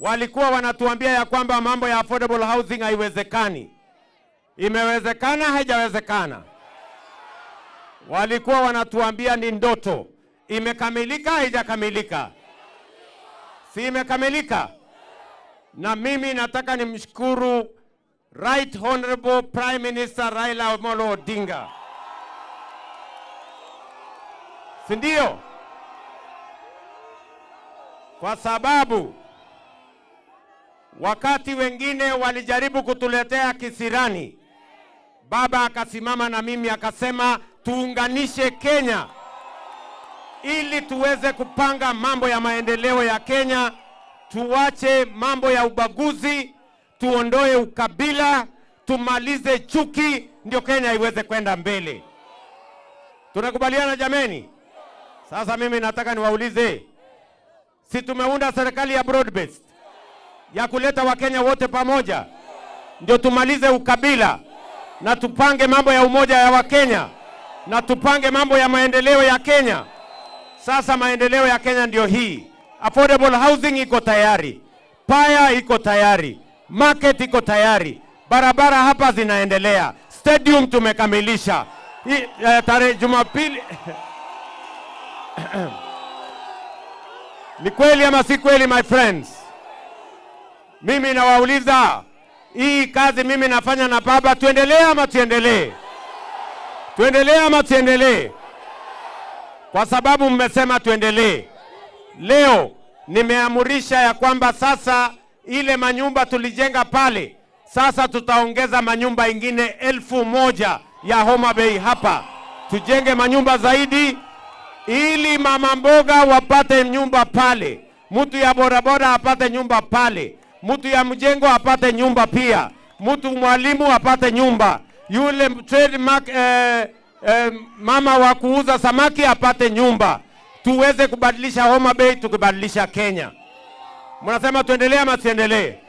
walikuwa wanatuambia ya kwamba mambo ya affordable housing haiwezekani. Imewezekana? Haijawezekana? Walikuwa wanatuambia ni ndoto. Imekamilika? Haijakamilika? Si imekamilika? Na mimi nataka nimshukuru Right Honorable Prime Minister Raila Amolo Odinga, si ndio? Kwa sababu Wakati wengine walijaribu kutuletea kisirani, baba akasimama na mimi akasema tuunganishe Kenya ili tuweze kupanga mambo ya maendeleo ya Kenya, tuwache mambo ya ubaguzi, tuondoe ukabila, tumalize chuki, ndio Kenya iweze kwenda mbele. Tunakubaliana jameni? Sasa mimi nataka niwaulize, si tumeunda serikali ya broad based ya kuleta Wakenya wote pamoja, ndio tumalize ukabila na tupange mambo ya umoja ya Wakenya na tupange mambo ya maendeleo ya Kenya. Sasa maendeleo ya Kenya ndio hii. Affordable housing iko tayari, paya iko tayari, market iko tayari, barabara hapa zinaendelea, stadium tumekamilisha. Eh, tarehe Jumapili ni kweli ama si kweli, my friends? Mimi nawauliza hii kazi mimi nafanya na baba, tuendelee ama tuendelee? Tuendelee ama tuendelee? Kwa sababu mmesema tuendelee. Leo nimeamurisha ya kwamba sasa ile manyumba tulijenga pale, sasa tutaongeza manyumba ingine elfu moja ya Homa Bay hapa, tujenge manyumba zaidi ili mama mboga wapate nyumba pale, mtu ya borabora apate nyumba pale mtu ya mjengo apate nyumba pia, mtu mwalimu apate nyumba, yule trademark, eh, eh, mama wa kuuza samaki apate nyumba, tuweze kubadilisha Homa Bay, tukibadilisha Kenya. Mnasema tuendelee ama tuendelee?